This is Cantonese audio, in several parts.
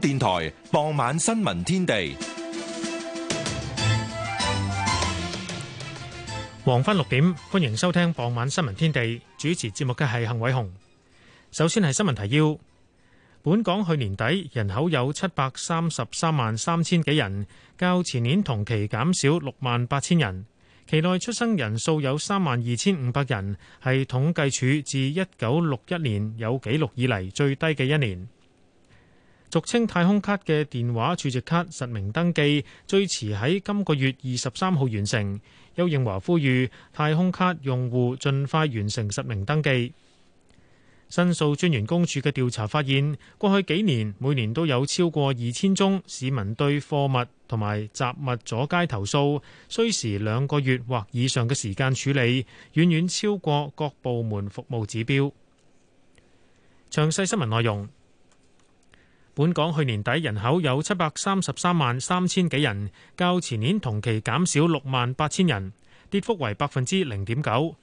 電台傍晚新聞天地，黃昏六點，歡迎收聽傍晚新聞天地。主持節目嘅係幸偉雄。首先係新聞提要。本港去年底人口有七百三十三萬三千幾人，較前年同期減少六萬八千人。期內出生人數有三萬二千五百人，係統計處自一九六一年有紀錄以嚟最低嘅一年。俗稱太空卡嘅電話儲值卡實名登記，最遲喺今個月二十三號完成。邱應華呼籲太空卡用戶盡快完成實名登記。申訴專員公署嘅調查發現，過去幾年每年都有超過二千宗市民對貨物同埋雜物阻街投訴，需時兩個月或以上嘅時間處理，遠遠超過各部門服務指標。詳細新聞內容。本港去年底人口有七百三十三萬三千幾人，較前年同期減少六萬八千人，跌幅為百分之零點九。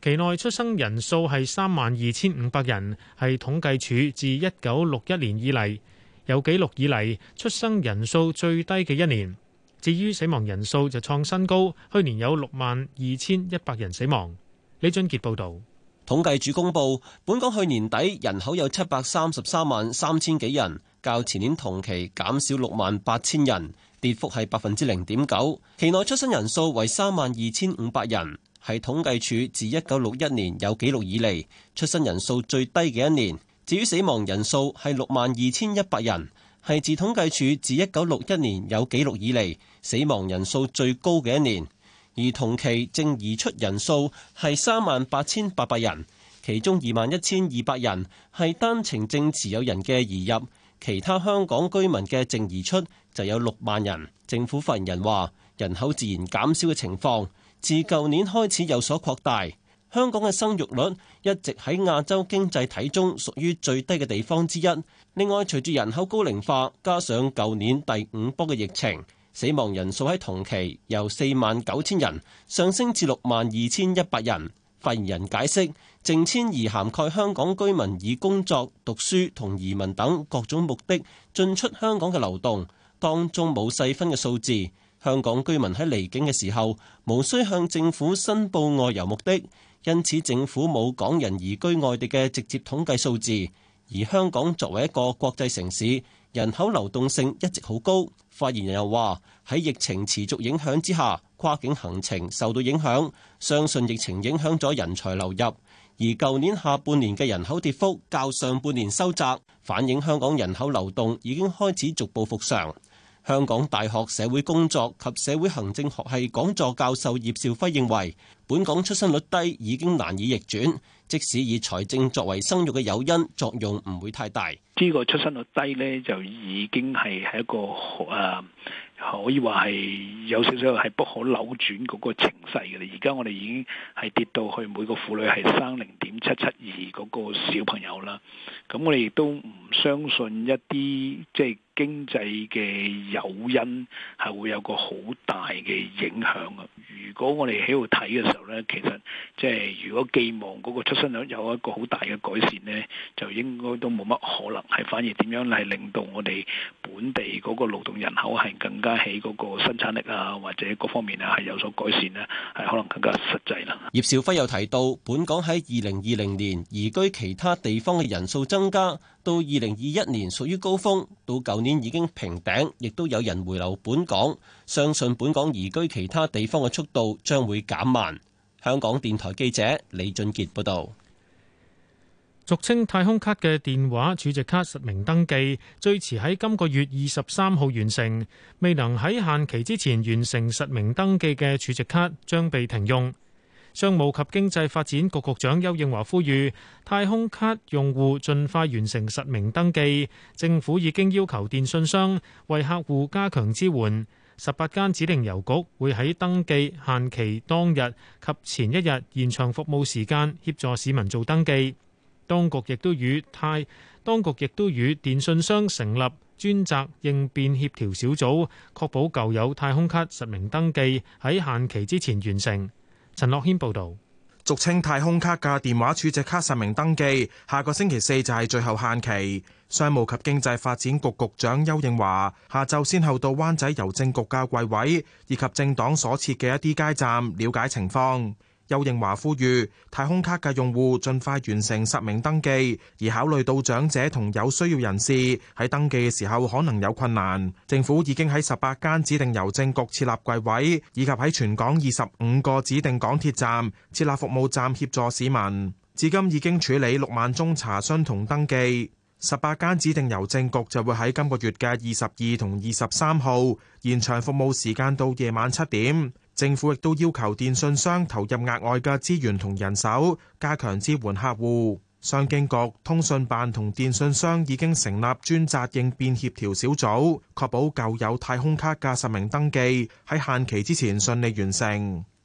期內出生人數係三萬二千五百人，係統計處自一九六一年以嚟有紀錄以嚟出生人數最低嘅一年。至於死亡人數就創新高，去年有六萬二千一百人死亡。李俊傑報道。統計處公佈，本港去年底人口有七百三十三萬三千幾人，較前年同期減少六萬八千人，跌幅係百分之零點九。期內出生人數為三萬二千五百人，係統計處自一九六一年有紀錄以嚟，出生人數最低嘅一年。至於死亡人數係六萬二千一百人，係自統計處自一九六一年有紀錄以嚟，死亡人數最高嘅一年。而同期淨移出人數，係三萬八千八百人，其中二萬一千二百人係單程證持有人嘅移入，其他香港居民嘅淨移出就有六萬人。政府發言人話：人口自然減少嘅情況自舊年開始有所擴大。香港嘅生育率一直喺亞洲經濟體中屬於最低嘅地方之一。另外，隨住人口高齡化，加上舊年第五波嘅疫情。死亡人數喺同期由四萬九千人上升至六萬二千一百人。發言人解釋，淨遷移涵蓋香港居民以工作、讀書同移民等各種目的進出香港嘅流動，當中冇細分嘅數字。香港居民喺離境嘅時候無需向政府申報外遊目的，因此政府冇港人移居外地嘅直接統計數字。而香港作為一個國際城市。人口流動性一直好高，發言人又話，喺疫情持續影響之下，跨境行程受到影響，相信疫情影響咗人才流入，而舊年下半年嘅人口跌幅較上半年收窄，反映香港人口流動已經開始逐步複常。香港大學社會工作及社會行政學系講座教授葉兆輝認為，本港出生率低已經難以逆轉。即使以財政作為生育嘅誘因，作用唔會太大。呢個出生率低呢，就已經係係一個誒、呃，可以話係有少少係不可扭轉嗰個情勢嘅啦。而家我哋已經係跌到去每個婦女係生零點七七二嗰個小朋友啦。咁我哋亦都唔相信一啲即係，經濟嘅誘因係會有個好大嘅影響啊！如果我哋喺度睇嘅時候呢，其實即係如果寄望嗰個出生率有一個好大嘅改善呢，就應該都冇乜可能係，反而點樣嚟令到我哋本地嗰個勞動人口係更加喺嗰個生產力啊或者各方面啊係有所改善呢？係可能更加實際啦。葉兆輝又提到，本港喺二零二零年移居其他地方嘅人數增加。到二零二一年屬於高峰，到舊年已經平頂，亦都有人回流本港。相信本港移居其他地方嘅速度將會減慢。香港電台記者李俊傑報道。俗稱太空卡嘅電話儲值卡實名登記，最遲喺今個月二十三號完成。未能喺限期之前完成實名登記嘅儲值卡將被停用。商務及經濟發展局局長邱應華呼籲太空卡用戶盡快完成實名登記。政府已經要求電信商為客戶加強支援。十八間指定郵局會喺登記限期當日及前一日延長服務時間，協助市民做登記。當局亦都與太當局亦都與電信商成立專責應變協調小組，確保舊有太空卡實名登記喺限期之前完成。陳樂軒報道，俗稱太空卡嘅電話儲值卡實名登記，下個星期四就係最後限期。商務及經濟發展局局長邱應華下晝先後到灣仔郵政局嘅櫃位以及政黨所設嘅一啲街站了解情況。邱應華呼籲太空卡嘅用戶盡快完成實名登記，而考慮到長者同有需要人士喺登記嘅時候可能有困難，政府已經喺十八間指定郵政局設立櫃位，以及喺全港二十五個指定港鐵站設立服務站協助市民。至今已經處理六萬宗查詢同登記，十八間指定郵政局就會喺今個月嘅二十二同二十三號延長服務時間到夜晚七點。政府亦都要求電訊商投入額外嘅資源同人手，加強支援客戶。商經局、通訊辦同電訊商已經成立專責應變協調小組，確保舊有太空卡嘅實名登記喺限期之前順利完成。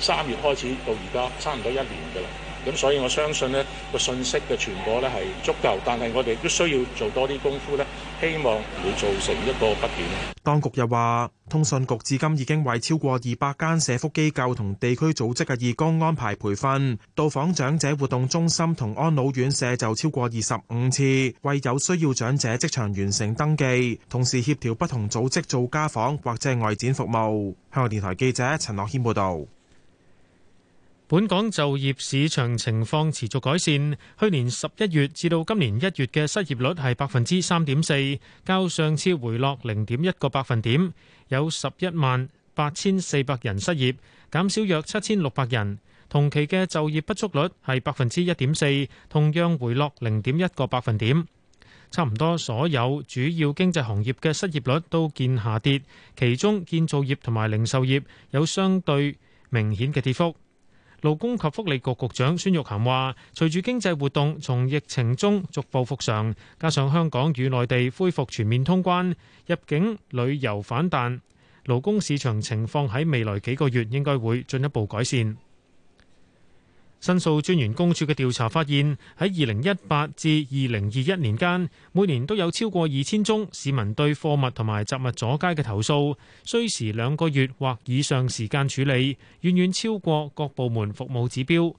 三月開始到而家差唔多一年㗎啦，咁所以我相信呢個信息嘅傳播呢係足夠，但係我哋都需要做多啲功夫呢，希望唔會造成一個不便。當局又話，通訊局至今已經為超過二百間社福機構同地區組織嘅義工安排培訓，到訪長者活動中心同安老院舍就超過二十五次，為有需要長者即場完成登記，同時協調不同組織做家訪或者外展服務。香港電台記者陳樂軒報導。本港就業市場情況持續改善。去年十一月至到今年一月嘅失業率係百分之三點四，較上次回落零點一個百分點，有十一萬八千四百人失業，減少約七千六百人。同期嘅就業不足率係百分之一點四，同樣回落零點一個百分點。差唔多所有主要經濟行業嘅失業率都見下跌，其中建造業同埋零售業有相對明顯嘅跌幅。勞工及福利局局長孫玉菡話，隨住經濟活動從疫情中逐步復常，加上香港與內地恢復全面通關，入境旅遊反彈，勞工市場情況喺未來幾個月應該會進一步改善。申訴專員公署嘅調查發現，喺二零一八至二零二一年間，每年都有超過二千宗市民對貨物同埋雜物阻街嘅投訴，需時兩個月或以上時間處理，遠遠超過各部門服務指標。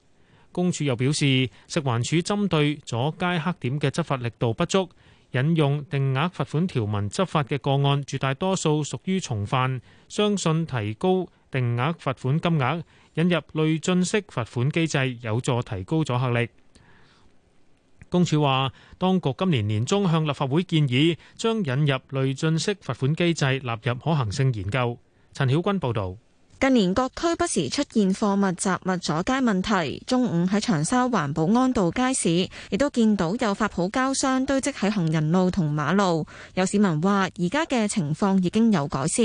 公署又表示，食環署針對阻街黑點嘅執法力度不足，引用定額罰款條文執法嘅個案，絕大多數屬於重犯，相信提高定額罰款金額。引入累進式罰款機制有助提高阻嚇力。公署話，當局今年年中向立法會建議，將引入累進式罰款機制納入可行性研究。陳曉君報導。近年各區不時出現貨物雜物阻街問題，中午喺長沙灣保安道街市，亦都見到有發泡膠箱堆積喺行人路同馬路。有市民話：而家嘅情況已經有改善，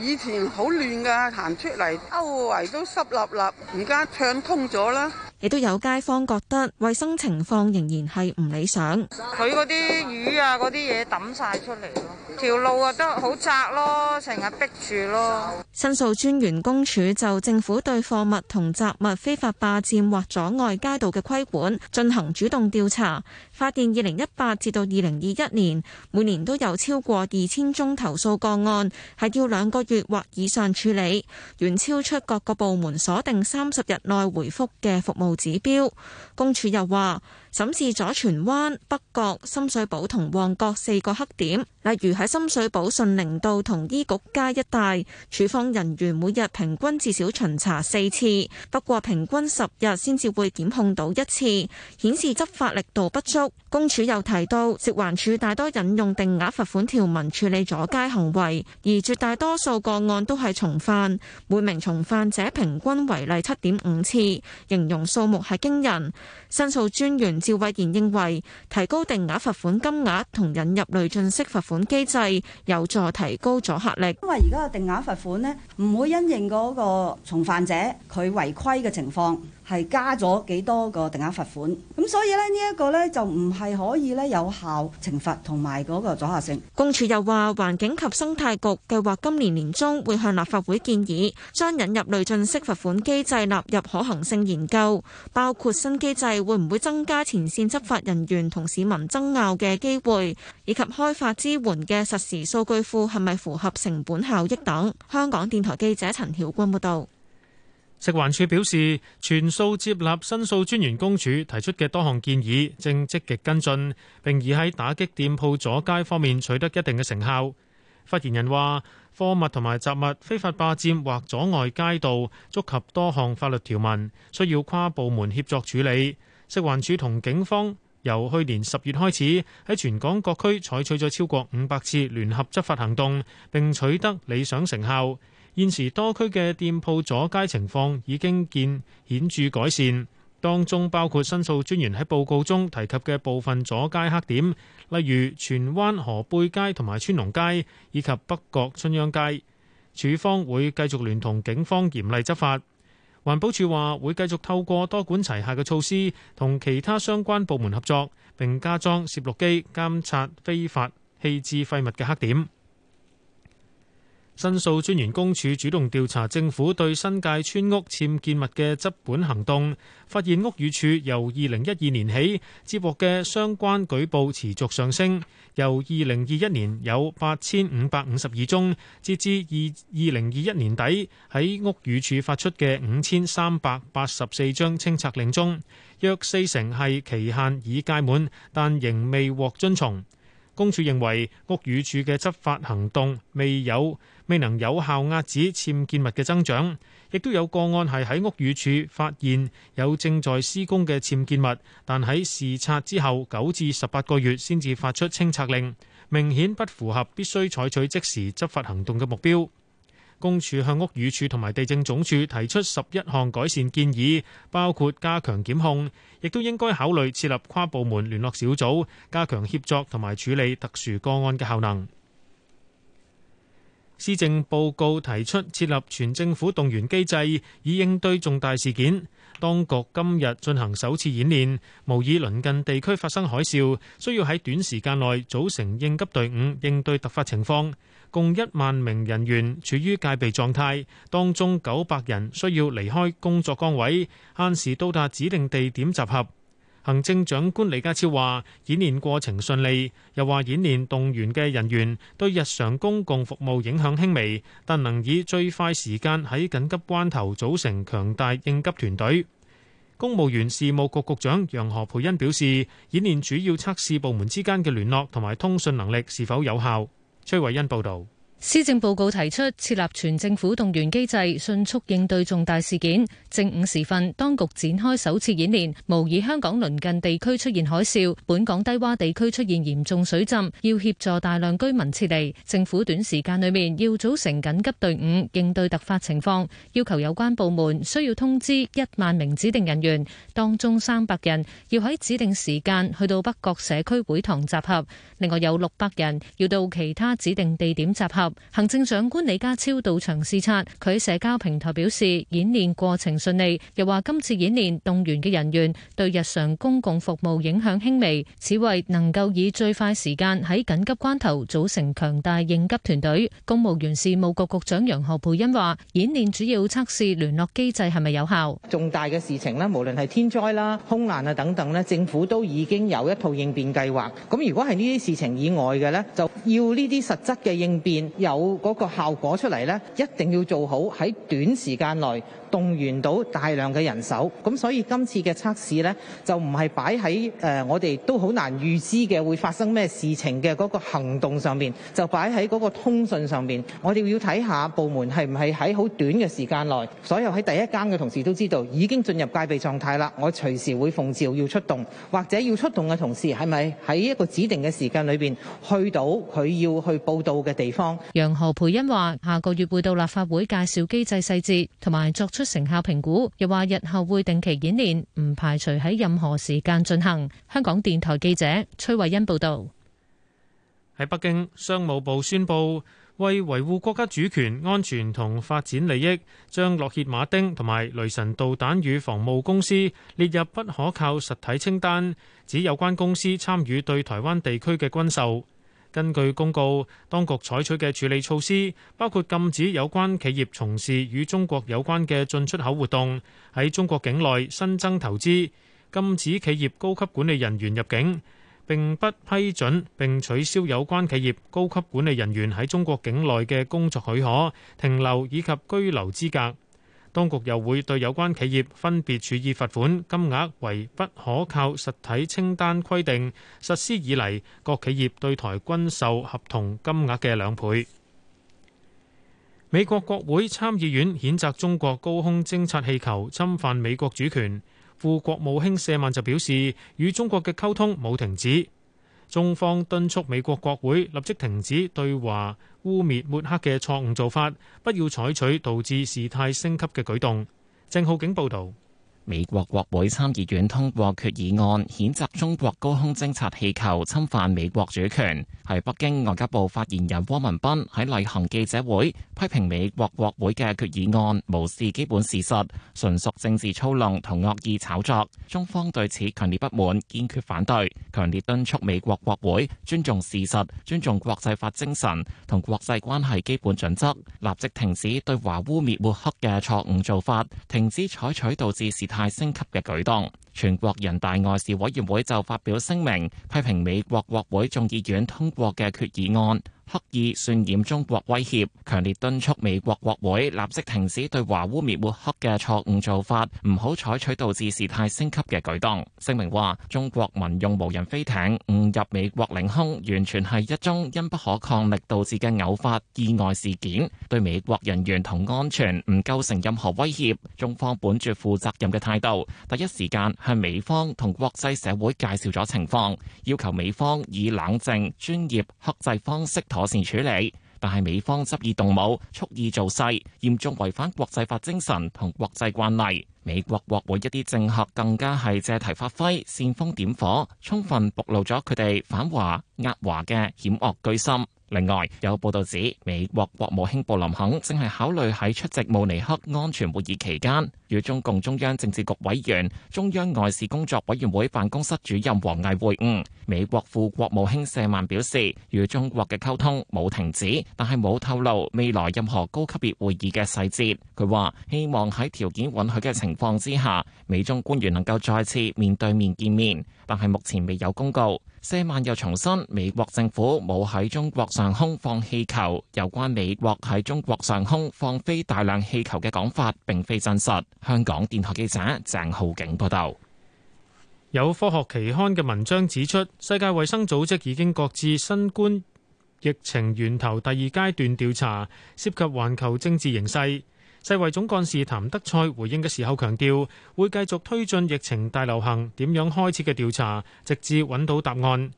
以前好亂㗎，行出嚟周圍都濕立立，而家暢通咗啦。亦都有街坊覺得衛生情況仍然係唔理想，佢嗰啲魚啊嗰啲嘢抌晒出嚟。條路啊，都好窄咯，成日逼住咯。申訴專員公署就政府對貨物同雜物非法霸佔或阻礙街道嘅規管進行主動調查。發現二零一八至到二零二一年，每年都有超過二千宗投訴個案，係要兩個月或以上處理，遠超出各個部門鎖定三十日內回覆嘅服務指標。公署又話審視左荃灣、北角、深水埗同旺角四個黑點，例如喺深水埗順寧道同醫局街一帶，處方人員每日平均至少巡查四次，不過平均十日先至會檢控到一次，顯示執法力度不足。公署又提到，食環署大多引用定額罰款條文處理阻街行為，而絕大多數個案都係重犯，每名重犯者平均違例七點五次，形容數目係驚人。申訴專員趙慧賢認為，提高定額罰款金額同引入累進式罰款機制，有助提高阻嚇力。因為而家嘅定額罰款呢，唔會因應嗰個重犯者佢違規嘅情況係加咗幾多個定額罰款，咁所以呢，呢一個呢，就唔係可以呢有效懲罰同埋嗰個阻嚇性。公署又話，環境及生態局計劃今年年中會向立法會建議，將引入累進式罰款機制納入可行性研究，包括新機制會唔會增加前線執法人員同市民爭拗嘅機會，以及開發支援嘅實時數據庫係咪符合成本效益等。香港電台記者陳曉君報道。食環署表示，全數接納申訴專員公署提出嘅多項建議，正積極跟進，並已喺打擊店鋪阻街方面取得一定嘅成效。發言人話，貨物同埋雜物非法霸占或阻礙街道，觸及多項法律條文，需要跨部門協作處理。食環署同警方由去年十月開始喺全港各區採取咗超過五百次聯合執法行動，並取得理想成效。現時多區嘅店鋪阻街情況已經見顯著改善，當中包括申訴專員喺報告中提及嘅部分阻街黑點，例如荃灣河背街同埋川龍街以及北角春秧街。署方會繼續聯同警方嚴厲執法。環保署話會繼續透過多管齊下嘅措施，同其他相關部門合作，並加裝攝錄機監察非法棄置廢物嘅黑點。申訴專員公署主動調查政府對新界村屋僭建物嘅執本行動，發現屋宇署由二零一二年起接獲嘅相關舉報持續上升，由二零二一年有八千五百五十二宗，截至二二零二一年底喺屋宇署發出嘅五千三百八十四張清拆令中，約四成係期限已屆滿，但仍未獲遵從。公署認為屋宇署嘅執法行動未有。未能有效遏止僭建物嘅增長，亦都有個案係喺屋宇署發現有正在施工嘅僭建物，但喺視察之後九至十八個月先至發出清拆令，明顯不符合必須採取即時執法行動嘅目標。公署向屋宇署同埋地政總署提出十一項改善建議，包括加強檢控，亦都應該考慮設立跨部門聯絡小組，加強協作同埋處理特殊個案嘅效能。施政報告提出設立全政府動員機制，以應對重大事件。當局今日進行首次演練，模擬鄰近地區發生海嘯，需要喺短時間內組成應急隊伍，應對突發情況。共一萬名人員處於戒備狀態，當中九百人需要離開工作崗位，限時到達指定地點集合。行政長官李家超話演練過程順利，又話演練動員嘅人員對日常公共服務影響輕微，但能以最快時間喺緊急關頭組成強大應急團隊。公務員事務局局，局長楊何蓓茵表示，演練主要測試部門之間嘅聯絡同埋通訊能力是否有效。崔偉恩報導。施政報告提出設立全政府動員機制，迅速應對重大事件。正午時分，當局展開首次演練，模擬香港鄰近地區出現海嘯，本港低窪地區出現嚴重水浸，要協助大量居民撤離。政府短時間裏面要組成緊急隊伍，應對突發情況，要求有關部門需要通知一萬名指定人員，當中三百人要喺指定時間去到北角社區會堂集合，另外有六百人要到其他指定地點集合。行政長官李家超到場視察，佢喺社交平台表示演練過程順利，又話今次演練動員嘅人員對日常公共服務影響輕微，此為能夠以最快時間喺緊急關頭組成強大應急團隊。公務員事務局局長楊何蓓茵，話，演練主要測試聯絡機制係咪有效。重大嘅事情咧，無論係天災啦、空難啊等等咧，政府都已經有一套應變計劃。咁如果係呢啲事情以外嘅咧，就要呢啲實質嘅應變。有嗰個效果出嚟咧，一定要做好喺短時間內。動員到大量嘅人手，咁所以今次嘅測試呢，就唔係擺喺誒，我哋都好難預知嘅會發生咩事情嘅嗰個行動上面，就擺喺嗰個通訊上面，我哋要睇下部門係唔係喺好短嘅時間內所有喺第一間嘅同事都知道已經進入戒備狀態啦。我隨時會奉召要出動或者要出動嘅同事係咪喺一個指定嘅時間裏邊去到佢要去報到嘅地方？楊何培恩話下個月會到立法會介紹機制細節同埋作。出成效評估，又話日後會定期演練，唔排除喺任何時間進行。香港電台記者崔慧恩報道。喺北京，商務部宣布為維護國家主權、安全同發展利益，將洛歇馬丁同埋雷神導彈與防務公司列入不可靠實體清單，指有關公司參與對台灣地區嘅軍售。根據公告，當局採取嘅處理措施包括禁止有關企業從事與中國有關嘅進出口活動，喺中國境內新增投資，禁止企業高級管理人員入境，並不批准並取消有關企業高級管理人員喺中國境內嘅工作許可、停留以及居留資格。當局又會對有關企業分別處以罰款，金額為不可靠實體清單規定實施以嚟各企業對台軍售合同金額嘅兩倍。美國國會參議院譴責中國高空偵察氣球侵犯美國主權。副國務卿舍曼就表示，與中國嘅溝通冇停止，中方敦促美國國會立即停止對華，污衊抹黑嘅錯誤做法，不要採取導致事態升級嘅舉動。鄭浩景報道。美國國會參議院通過決議案，譴責中國高空偵察氣球侵犯美國主權，係北京外交部發言人汪文斌喺例行記者會批評美國國會嘅決議案無視基本事實，純屬政治操弄同惡意炒作。中方對此強烈不滿，堅決反對，強烈敦促美國國會尊重事實、尊重國際法精神同國際關係基本準則，立即停止對華污衊抹黑嘅錯誤做法，停止採取導致事態。太升級嘅舉動。全國人大外事委員會就發表聲明，批評美國國會眾議院通過嘅決議案，刻意渲染中國威脅，強烈敦促美國國會立即停止對華污蔑抹黑嘅錯誤做法，唔好採取導致事態升級嘅舉動。聲明話，中國民用無人飛艇誤入美國領空，完全係一宗因不可抗力導致嘅偶發意外事件，對美國人員同安全唔構成任何威脅。中方本着負責任嘅態度，第一時間，係美方同國際社會介紹咗情況，要求美方以冷靜、專業、克制方式妥善處理，但係美方執意動武、蓄意造勢，嚴重違反國際法精神同國際慣例。美國國會一啲政客更加係借題發揮、煽風點火，充分暴露咗佢哋反華、壓華嘅險惡居心。另外有報道指，美國國務卿布林肯正係考慮喺出席慕尼黑安全會議期間，與中共中央政治局委員、中央外事工作委員會辦公室主任王毅會晤。美國副國務卿舍曼表示，與中國嘅溝通冇停止，但係冇透露未來任何高級別會議嘅細節。佢話：希望喺條件允許嘅情況之下，美中官員能夠再次面對面見面，但係目前未有公告。謝萬又重申，美國政府冇喺中國上空放氣球，有關美國喺中國上空放飛大量氣球嘅講法，並非真實。香港電台記者鄭浩景報道，有科學期刊嘅文章指出，世界衛生組織已經擱置新冠疫情源頭第二階段調查，涉及環球政治形勢。世衛總幹事譚德賽回應嘅時候強調，會繼續推進疫情大流行點樣開始嘅調查，直至揾到答案。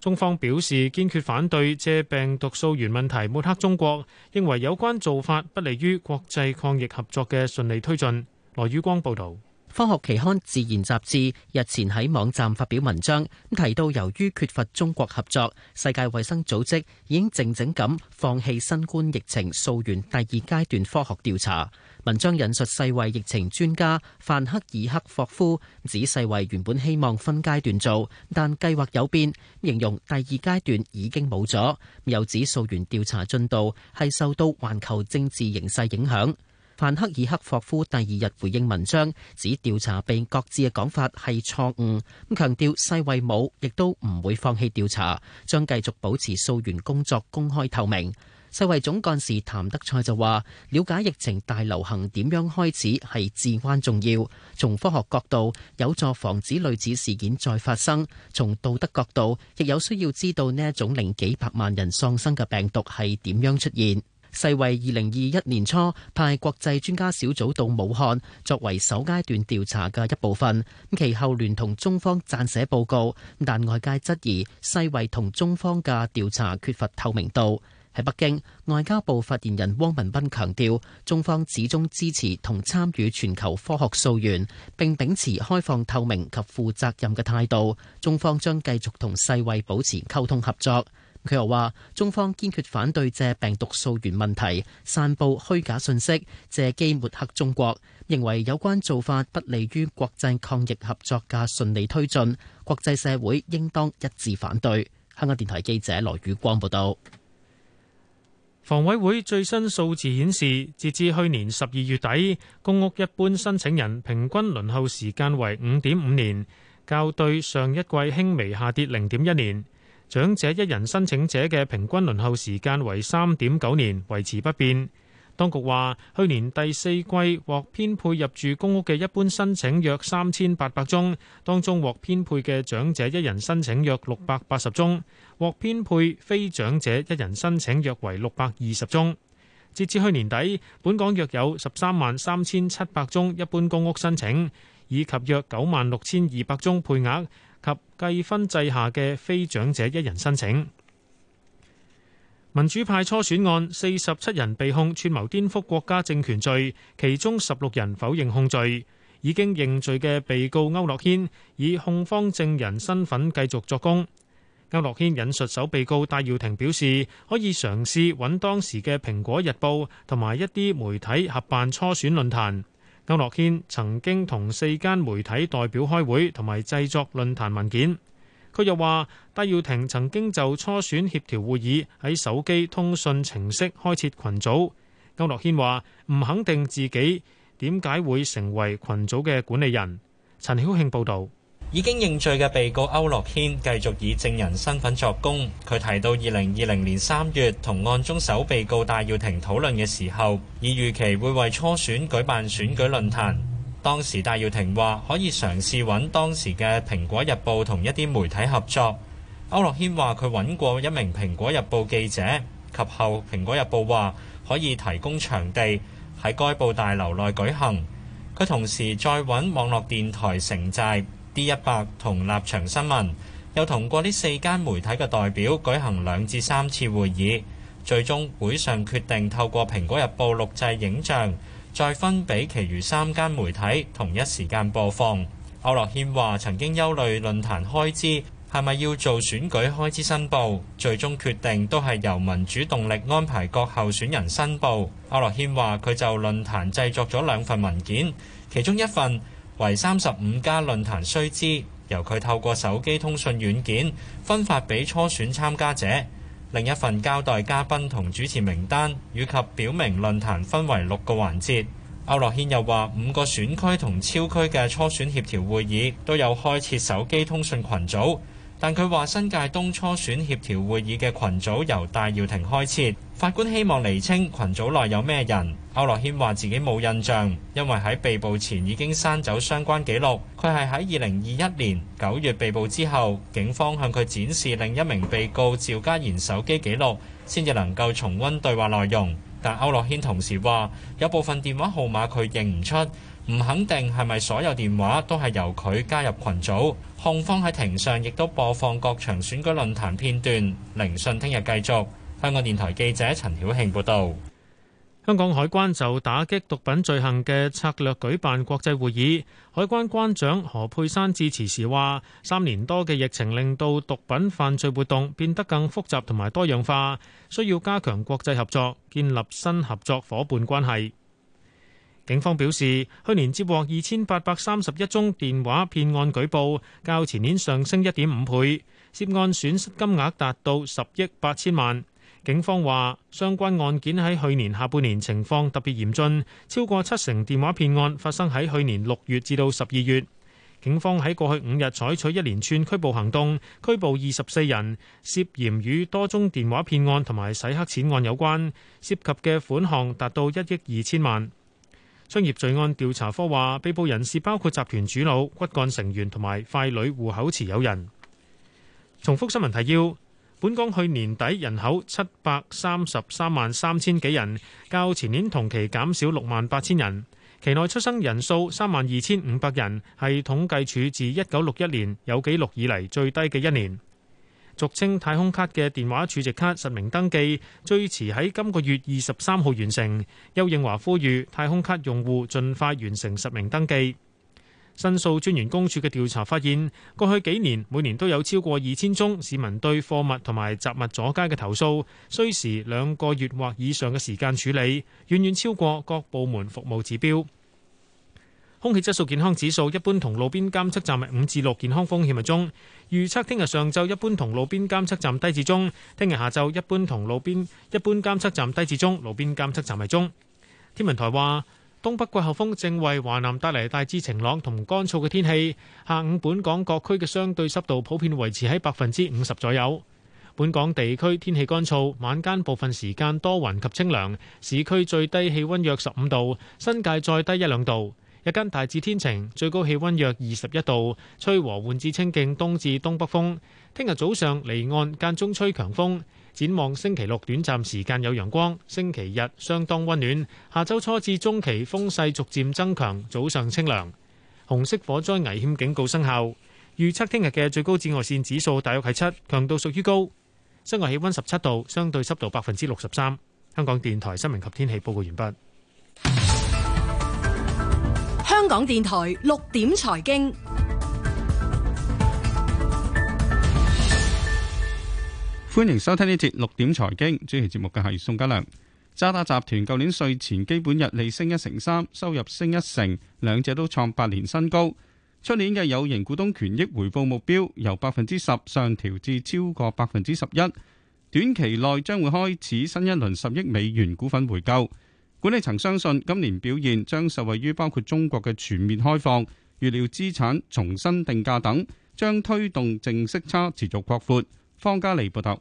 中方表示堅決反對借病毒溯源問題抹黑中國，認為有關做法不利於國際抗疫合作嘅順利推進。羅宇光報道。《科學期刊》自然雜誌日前喺網站發表文章，提到由於缺乏中國合作，世界衛生組織已經靜靜咁放棄新冠疫情溯源第二階段科學調查。文章引述世衛疫情專家范克爾克霍夫，指世衛原本希望分階段做，但計劃有變，形容第二階段已經冇咗，又指溯源調查進度係受到環球政治形勢影響。范克爾克霍夫第二日回應文章，指調查被擱置嘅講法係錯誤，咁強調世衛冇亦都唔會放棄調查，將繼續保持溯源工作公開透明。世衛總幹事譚德塞就話：了解疫情大流行點樣開始係至關重要，從科學角度有助防止類似事件再發生；從道德角度，亦有需要知道呢一種令幾百萬人喪生嘅病毒係點樣出現。世衛二零二一年初派國際專家小組到武漢，作為首階段調查嘅一部分。其後聯同中方撰寫報告，但外界質疑世衛同中方嘅調查缺乏透明度。喺北京，外交部發言人汪文斌強調，中方始終支持同參與全球科學溯源，並秉持開放、透明及負責任嘅態度。中方將繼續同世衛保持溝通合作。佢又話：中方堅決反對借病毒溯源問題散佈虛假信息，借機抹黑中國，認為有關做法不利於國際抗疫合作嘅順利推進，國際社會應當一致反對。香港電台記者羅宇光報道：「房委會最新數字顯示，截至去年十二月底，公屋一般申請人平均輪候時間為五點五年，較對上一季輕微下跌零點一年。長者一人申請者嘅平均輪候時間為三點九年，維持不變。當局話，去年第四季獲編配入住公屋嘅一般申請約三千八百宗，當中獲編配嘅長者一人申請約六百八十宗，獲編配非長者一人申請約為六百二十宗。截至去年底，本港約有十三萬三千七百宗一般公屋申請，以及約九萬六千二百宗配額及計分制下嘅非長者一人申請。民主派初選案四十七人被控串謀顛覆國家政權罪，其中十六人否認控罪。已經認罪嘅被告區諾軒以控方證人身份繼續作供。區諾軒引述首被告戴耀廷表示，可以嘗試揾當時嘅《蘋果日報》同埋一啲媒體合辦初選論壇。歐樂軒曾經同四間媒體代表開會，同埋製作論壇文件。佢又話，戴耀廷曾經就初選協調會議喺手機通訊程式開設群組。歐樂軒話唔肯定自己點解會成為群組嘅管理人。陳曉慶報道。已經認罪嘅被告歐樂軒繼續以證人身份作供。佢提到，二零二零年三月同案中首被告戴耀廷討論嘅時候，已預期會為初選舉辦選舉論壇。當時戴耀廷話可以嘗試揾當時嘅《蘋果日報》同一啲媒體合作。歐樂軒話佢揾過一名《蘋果日報》記者，及後《蘋果日報》話可以提供場地喺該報大樓內舉行。佢同時再揾網絡電台城寨。D 一百同立場新聞又同過呢四間媒體嘅代表舉行兩至三次會議，最終會上決定透過《蘋果日報》錄製影像，再分俾其餘三間媒體同一時間播放。區諾軒話曾經憂慮論壇開支係咪要做選舉開支申報，最終決定都係由民主動力安排各候選人申報。區諾軒話佢就論壇製作咗兩份文件，其中一份，為三十五家論壇須知，由佢透過手機通訊軟件分發俾初選參加者。另一份交代嘉賓同主持名單，以及表明論壇分為六個環節。區諾軒又話，五個選區同超區嘅初選協調會議都有開設手機通訊群組，但佢話新界東初選協調會議嘅群組由戴耀廷開設。法官希望釐清群組內有咩人。區諾軒話自己冇印象，因為喺被捕前已經刪走相關記錄。佢係喺二零二一年九月被捕之後，警方向佢展示另一名被告趙家賢手機記錄，先至能夠重溫對話內容。但區諾軒同時話，有部分電話號碼佢認唔出，唔肯定係咪所有電話都係由佢加入群組。控方喺庭上亦都播放各場選舉論壇片段。聆訊聽日繼續。香港電台記者陳曉慶報導。香港海關就打擊毒品罪行嘅策略舉辦國際會議，海關關長何佩珊致辭時話：三年多嘅疫情令到毒品犯罪活動變得更複雜同埋多樣化，需要加強國際合作，建立新合作伙伴關係。警方表示，去年接獲二千八百三十一宗電話騙案舉報，較前年上升一點五倍，涉案損失金額達到十億八千萬。警方話，相關案件喺去年下半年情況特別嚴峻，超過七成電話騙案發生喺去年六月至到十二月。警方喺過去五日採取一連串拘捕行動，拘捕二十四人，涉嫌與多宗電話騙案同埋洗黑錢案有關，涉及嘅款項達到一億二千萬。商業罪案調查科話，被捕人士包括集團主腦、骨幹成員同埋傀儡戶口持有人。重複新聞提要。本港去年底人口七百三十三萬三千幾人，較前年同期減少六萬八千人。期內出生人數三萬二千五百人，係統計處自一九六一年有記錄以嚟，最低嘅一年。俗稱太空卡嘅電話儲值卡實名登記最遲喺今個月二十三號完成。邱應華呼籲太空卡用戶盡快完成實名登記。申訴專員公署嘅調查發現，過去幾年每年都有超過二千宗市民對貨物同埋雜物阻街嘅投訴，需時兩個月或以上嘅時間處理，遠遠超過各部門服務指標。空氣質素健康指數一般同路邊監測站係五至六，健康風險係中。預測聽日上晝一般同路邊監測站低至中，聽日下晝一般同路邊一般監測站低至中，路邊監測站係中。天文台話。東北季候風正為華南帶嚟大致晴朗同乾燥嘅天氣。下午本港各區嘅相對濕度普遍維持喺百分之五十左右。本港地區天氣乾燥，晚間部分時間多雲及清涼。市區最低氣温約十五度，新界再低一兩度。日間大致天晴，最高氣温約二十一度，吹和緩至清勁東至東北風。聽日早上離岸間中吹強風。展望星期六短暫時間有陽光，星期日相當温暖。下週初至中期風勢逐漸增強，早上清涼。紅色火災危險警告生效，預測聽日嘅最高紫外線指數大約係七，強度屬於高。室外氣溫十七度，相對濕度百分之六十三。香港電台新聞及天氣報告完畢。香港電台六點財經。歡迎收聽呢節六點財經。主持節目嘅係宋家良。渣打集團舊年稅前基本日利升一成三，收入升一成，兩者都創八年新高。出年嘅有形股東權益回報目標由百分之十上調至超過百分之十一。短期內將會開始新一輪十億美元股份回購。管理層相信今年表現將受惠於包括中國嘅全面開放、預料資產重新定價等，將推動淨息差持續擴闊。方嘉莉報道，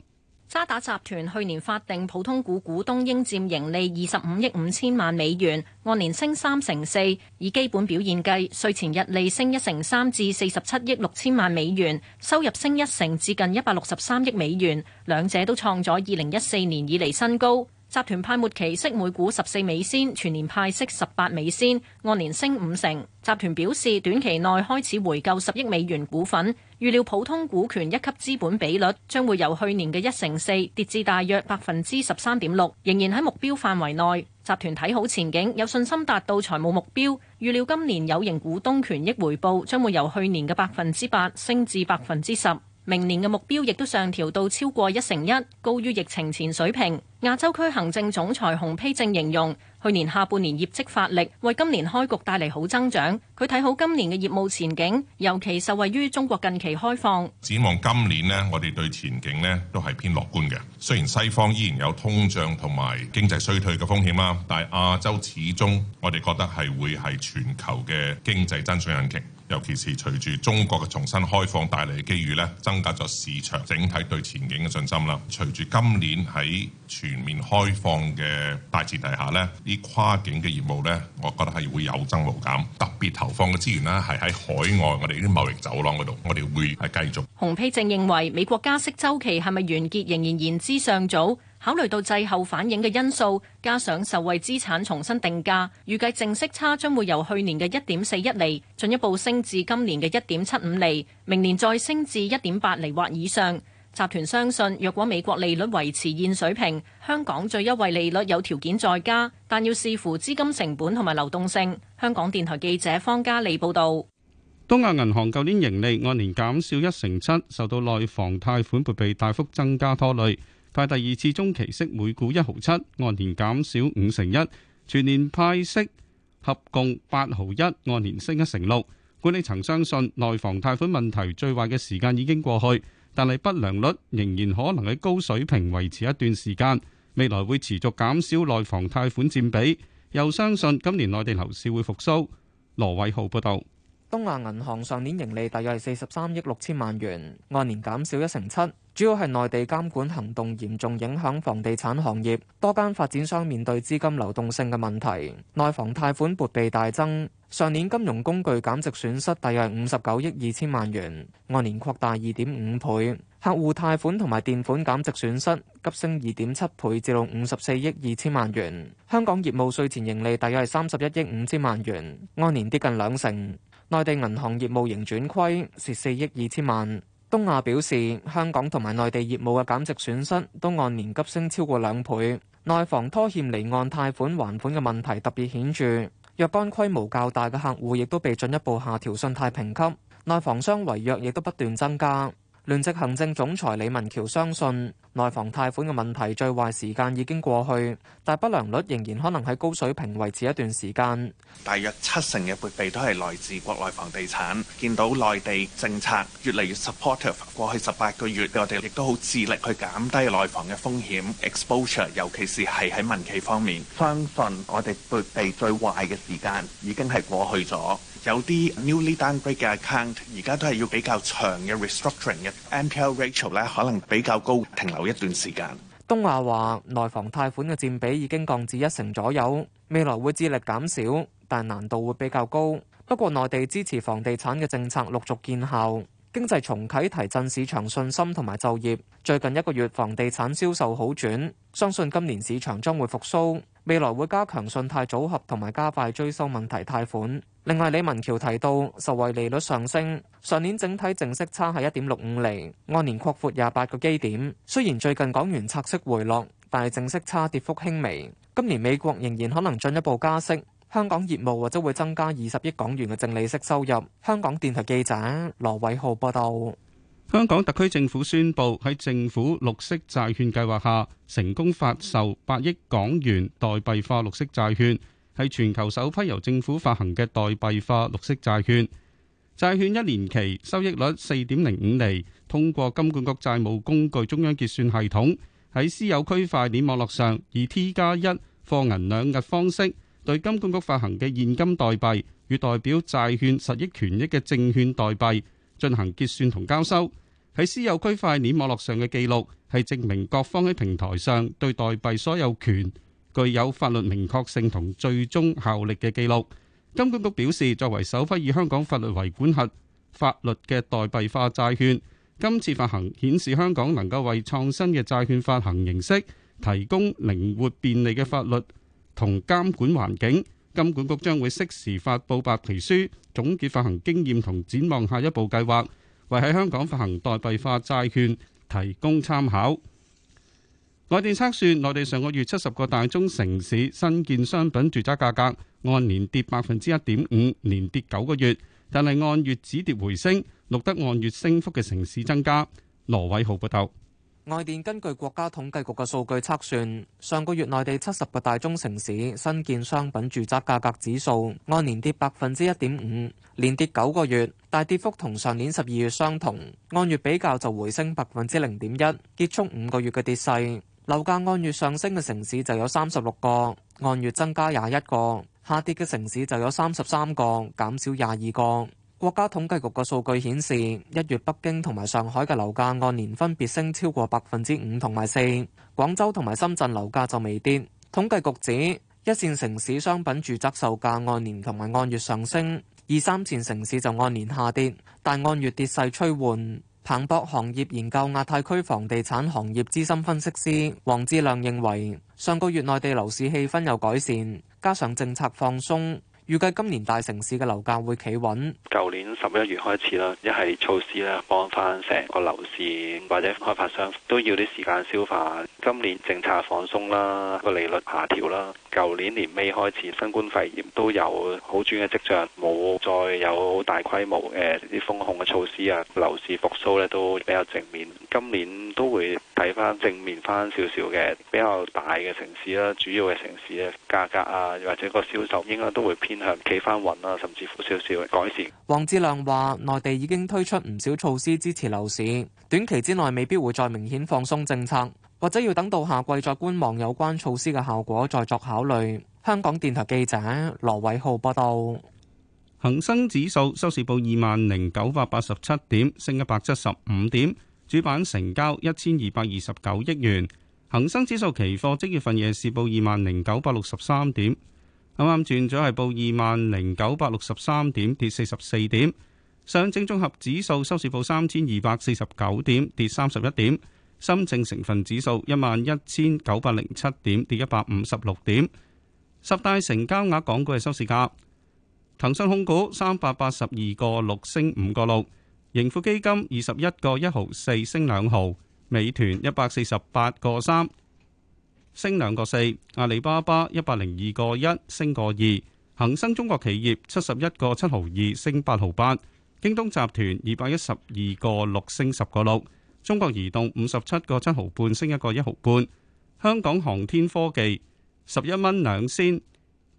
渣打集團去年法定普通股股東應占盈，盈利二十五億五千萬美元，按年升三成四，以基本表現計，稅前日利升一成三至四十七億六千萬美元，收入升一成至近一百六十三億美元，兩者都創咗二零一四年以嚟新高。集團派末期息每股十四美仙，全年派息十八美仙，按年升五成。集團表示，短期內開始回購十億美元股份，預料普通股權一級資本比率將會由去年嘅一成四跌至大約百分之十三點六，仍然喺目標範圍內。集團睇好前景，有信心達到財務目標，預料今年有形股東權益回報將會由去年嘅百分之八升至百分之十。明年嘅目標亦都上調到超過一成一，高於疫情前水平。亞洲區行政總裁洪丕正形容，去年下半年業績發力，為今年開局帶嚟好增長。佢睇好今年嘅業務前景，尤其受惠於中國近期開放。展望今年呢，我哋對前景呢都係偏樂觀嘅。雖然西方依然有通脹同埋經濟衰退嘅風險啦，但係亞洲始終我哋覺得係會係全球嘅經濟增長引擎。尤其是隨住中國嘅重新開放帶嚟嘅機遇呢，增加咗市場整體對前景嘅信心啦。隨住今年喺全面開放嘅大前提下呢，啲跨境嘅業務呢，我覺得係會有增無減。特別投放嘅資源呢，係喺海外我哋啲貿易走廊嗰度，我哋會係繼續。洪丕正認為，美國加息周期係咪完結，仍然言之尚早。考慮到滯後反應嘅因素，加上受惠資產重新定價，預計淨息差將會由去年嘅一點四一厘進一步升至今年嘅一點七五厘，明年再升至一點八厘或以上。集團相信，若果美國利率維持現水平，香港最優惠利率有條件再加，但要視乎資金成本同埋流動性。香港電台記者方嘉利報導。東亞銀行舊年盈利按年減少一成七，受到內房貸款撥備大幅增加拖累。派第二次中期息每股一毫七，按年減少五成一，全年派息合共八毫一，按年升一成六。管理層相信內房貸款問題最壞嘅時間已經過去，但係不良率仍然可能喺高水平維持一段時間，未來會持續減少內房貸款佔比，又相信今年內地樓市會復甦。羅偉浩報道。東亞銀行上年盈利大約係四十三億六千萬元，按年減少一成七。主要係內地監管行動嚴重影響房地產行業，多間發展商面對資金流動性嘅問題，內房貸款撥備大增。上年金融工具減值損失大約五十九億二千萬元，按年擴大二點五倍。客戶貸款同埋墊款減值損失急升二點七倍，至到五十四億二千萬元。香港業務稅前盈利大約係三十一億五千萬元，按年跌近兩成。內地銀行業務盈轉虧蝕四億二千萬。東亞表示，香港同埋內地業務嘅減值損失都按年急升超過兩倍，內房拖欠離岸貸款還款嘅問題特別顯著，若干規模較大嘅客戶亦都被進一步下調信貸評級，內房商違約亦都不斷增加。聯席行政總裁李文橋相信，內房貸款嘅問題最壞時間已經過去，但不良率仍然可能喺高水平維持一段時間。大約七成嘅撥備都係來自國內房地產，見到內地政策越嚟越 supportive，過去十八個月我哋亦都好致力去減低內房嘅風險 exposure，尤其是係喺民企方面。相信我哋撥備最壞嘅時間已經係過去咗。有啲 newly downgrade 嘅 account，而家都係要比較長嘅 restructuring 嘅 NPL ratio 咧，可能比較高，停留一段時間。東亞話，內房貸款嘅佔比已經降至一成左右，未來會致力減少，但難度會比較高。不過內地支持房地產嘅政策陸續見效。經濟重啟提振市場信心同埋就業，最近一個月房地產銷售好轉，相信今年市場將會復甦。未來會加強信貸組合同埋加快追收問題貸款。另外，李文橋提到，受惠利率上升，上年整體淨息差係一點六五厘，按年擴闊廿八個基點。雖然最近港元拆息回落，但係淨息差跌幅輕微。今年美國仍然可能進一步加息。香港業務或者會增加二十億港元嘅淨利息收入。香港電台記者羅偉浩報道，香港特區政府宣布喺政府綠色債券計劃下成功發售八億港元代幣化綠色債券，係全球首批由政府發行嘅代幣化綠色債券。債券一年期收益率四點零五厘，通過金管局債務工具中央結算系統，喺私有區塊鏈網絡上，以 T 加一貨銀兩嘅方式。對金管局發行嘅現金代幣與代表債券實益權益嘅證券代幣進行結算同交收，喺私有區塊鏈網絡上嘅記錄係證明各方喺平台上對代幣所有權具有法律明確性同最終效力嘅記錄。金管局表示，作為首批以香港法律為管轄法律嘅代幣化債券，今次發行顯示香港能夠為創新嘅債券發行形式提供靈活便利嘅法律同監管環境，金管局將會適時發佈白皮書，總結發行經驗同展望下一步計劃，為喺香港發行代幣化債券提供參考。外電測算，內地上個月七十個大中城市新建商品住宅價格按年跌百分之一點五，連跌九個月，但係按月止跌回升，錄得按月升幅嘅城市增加。羅偉豪報道。外電根據國家統計局嘅數據測算，上個月內地七十個大中城市新建商品住宅價格指數按年跌百分之一點五，連跌九個月，大跌幅同上年十二月相同。按月比較就回升百分之零點一，結束五個月嘅跌勢。樓價按月上升嘅城市就有三十六個，按月增加廿一個；下跌嘅城市就有三十三個，減少廿二個。國家統計局嘅數據顯示，一月北京同埋上海嘅樓價按年分別升超過百分之五同埋四，廣州同埋深圳樓價就未跌。統計局指，一線城市商品住宅售價按年同埋按月上升，二三線城市就按年下跌，但按月跌勢趨緩。彭博行業研究亞太區房地產行業資深分析師黃志亮認為，上個月內地樓市氣氛有改善，加上政策放鬆。預計今年大城市嘅樓價會企穩。舊年十一月開始啦，一系措施啦，幫翻成個樓市或者開發商都要啲時間消化。今年政策放鬆啦，個利率下調啦。舊年年尾開始，新冠肺炎都有好轉嘅跡象，冇再有大規模嘅啲封控嘅措施啊，樓市復甦咧都比較正面。今年都會睇翻正面翻少少嘅，比較大嘅城市啦，主要嘅城市咧，價格啊或者個銷售應該都會偏。面向企翻穩啊，甚至乎少少嘅改善。黃志亮話：內地已經推出唔少措施支持樓市，短期之內未必會再明顯放鬆政策，或者要等到下季再觀望有關措施嘅效果，再作考慮。香港電台記者羅偉浩報道。恒生指數收市報二萬零九百八十七點，升一百七十五點，主板成交一千二百二十九億元。恒生指數期貨即月份夜市報二萬零九百六十三點。啱啱轉咗係報二萬零九百六十三點，跌四十四點。上證綜合指數收市報三千二百四十九點，跌三十一點。深證成分指數一萬一千九百零七點，跌一百五十六點。十大成交額港股嘅收市價：騰訊控股三百八十二個六，升五個六，盈富基金二十一個一毫四，升兩毫，美團一百四十八個三，升兩個四，阿里巴巴一百零二個一，升個二；恒生中國企業七十一個七毫二，升八毫八；京東集團二百一十二個六，升十個六；中國移動五十七個七毫半，升一個一毫半；香港航天科技十一蚊兩仙，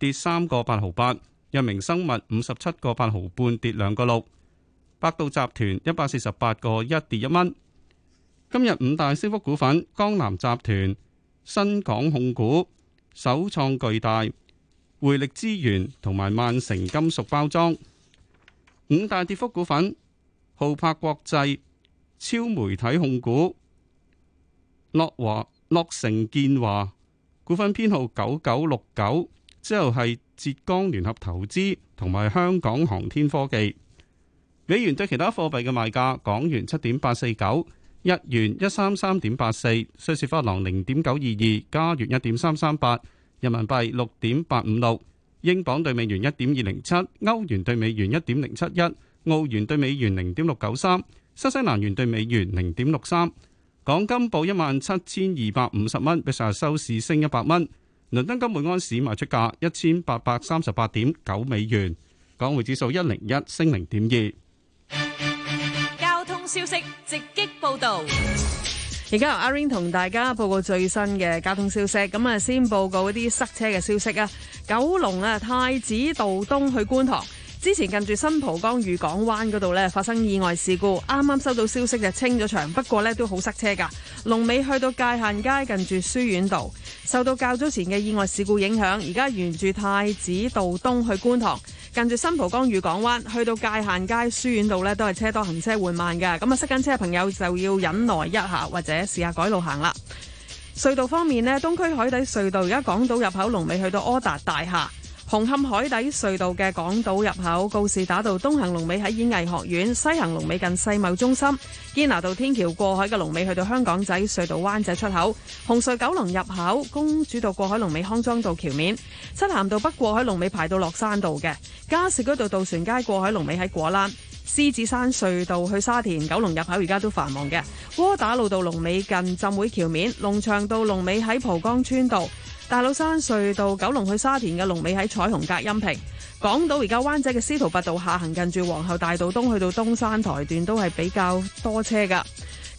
跌三個八毫八；日明生物五十七個八毫半，跌兩個六；百度集團一百四十八個一，跌一蚊。今日五大升幅股份：江南集團。新港控股、首創、巨大、匯力資源同埋萬成金屬包裝。五大跌幅股份浩柏國際、超媒體控股、樂華、樂成建華股份編號九九六九，之後係浙江聯合投資同埋香港航天科技。美元對其他貨幣嘅賣價，港元七點八四九。日元一三三點八四，瑞士法郎零點九二二，加元一點三三八，人民幣六點八五六，英鎊兌美元一點二零七，歐元兌美元一點零七一，澳元兌美元零點六九三，新西蘭元兌美元零點六三。港金報一萬七千二百五十蚊，比上日收市升一百蚊。倫敦金每安士賣出價一千八百三十八點九美元。港匯指數一零一升零點二。消息直擊報道，而家由阿 Ring 同大家報告最新嘅交通消息。咁啊，先報告一啲塞車嘅消息啊。九龍啊，太子道東去觀塘，之前近住新蒲崗御港灣嗰度咧發生意外事故，啱啱收到消息就清咗場，不過咧都好塞車噶。龍尾去到界限街近住書院道，受到較早前嘅意外事故影響，而家沿住太子道東去觀塘。近住新蒲崗御港灣，去到界限街、書院道，咧，都係車多，行車緩慢嘅。咁啊，塞緊車嘅朋友就要忍耐一下，或者試下改路行啦。隧道方面咧，東區海底隧道而家港島入口龍尾去到柯達大廈。紅磡海底隧道嘅港島入口，告士打道東行龍尾喺演藝學院，西行龍尾近世貿中心。堅拿道天橋過海嘅龍尾去到香港仔隧道灣仔出口。紅隧九龍入口，公主道過海龍尾康莊道橋面。漆咸道北過海龍尾排到落山道嘅。加士居道渡船街過海龍尾喺果欄。獅子山隧道去沙田九龍入口，而家都繁忙嘅。窩打老道龍尾近浸會橋面。龍翔道龍尾喺蒲崗村道。大老山隧道，九龍去沙田嘅龍尾喺彩虹隔音屏，港島而家灣仔嘅司徒拔拔道下行近住皇后大道東去到東山台段都係比較多車㗎，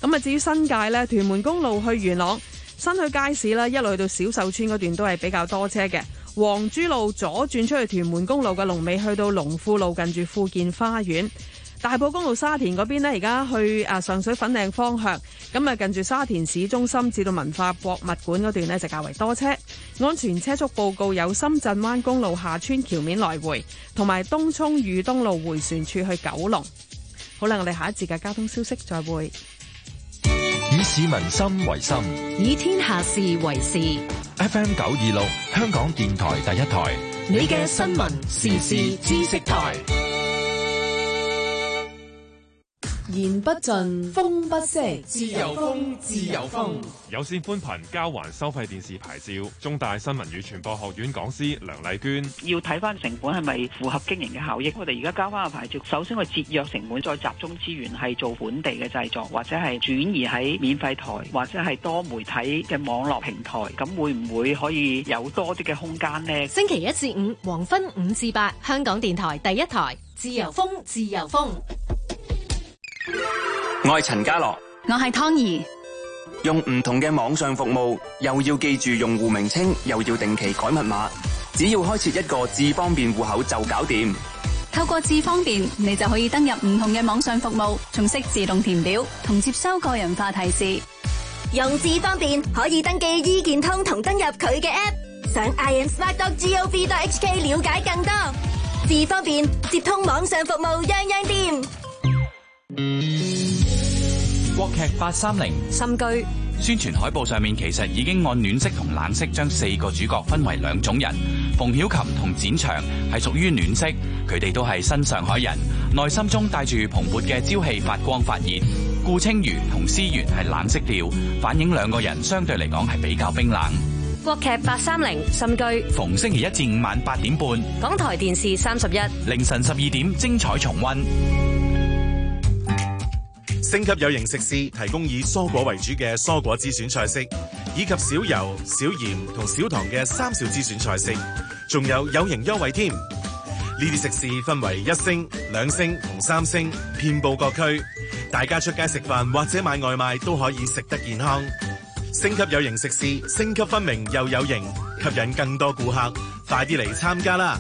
咁啊至於新界呢，屯門公路去元朗新墟街市啦，一路去到小壽村嗰段都係比較多車嘅，皇珠路左轉出去屯門公路嘅龍尾去到龍富路近住富健花園。大埔公路沙田嗰邊呢，而家去啊上水粉嶺方向，咁啊近住沙田市中心至到文化博物館嗰段呢，就較為多車。安全車速報告有深圳灣公路下村橋面來回，同埋東涌裕東路回旋處去九龍。好啦，我哋下一節嘅交通消息再會。以市民心為心，以天下事為事。FM 九二六，香港電台第一台。你嘅新聞時事知識台。言不盡，風不息，自由風，自由風。有線寬頻交還收費電視牌照，中大新聞與傳播學院講師梁麗娟。要睇翻成本係咪符合經營嘅效益？我哋而家交翻個牌照，首先去節約成本，再集中資源係做本地嘅製作，或者係轉移喺免費台，或者係多媒體嘅網絡平台，咁會唔會可以有多啲嘅空間呢？星期一至五，黃昏五至八，香港電台第一台，自由風，自由風。我係陳家樂，我係湯儀。用唔同嘅網上服務，又要記住用戶名稱，又要定期改密碼。只要開設一個智方便戶口就搞掂。透過智方便，你就可以登入唔同嘅網上服務，重設自動填表同接收個人化提示。用智方便可以登記醫健通同登入佢嘅 app，上 iamsmart.gov.hk 了解更多。智方便接通網上服務，樣樣掂。國劇八三零心居宣傳海報上面其實已經按暖色同冷色將四個主角分為兩種人。馮曉琴同展翔係屬於暖色，佢哋都係新上海人，內心中帶住蓬勃嘅朝氣，發光發熱。顧清如同思源係冷色調，反映兩個人相對嚟講係比較冰冷。國劇八三零心居逢星期一至五晚八點半，港台電視三十一凌晨十二點精彩重温。星級有營食肆提供以蔬果為主嘅蔬果之選菜式，以及少油、少鹽同少糖嘅三少之選菜式，仲有有營優惠添。呢啲食肆分為一星、兩星同三星，遍佈各區，大家出街食飯或者買外賣都可以食得健康。星級有營食肆，星級分明又有營，吸引更多顧客，快啲嚟參加啦！